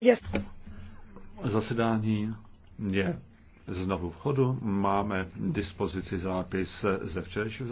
Yes. Zasedání je znovu v chodu. Máme dispozici zápis ze včerejšího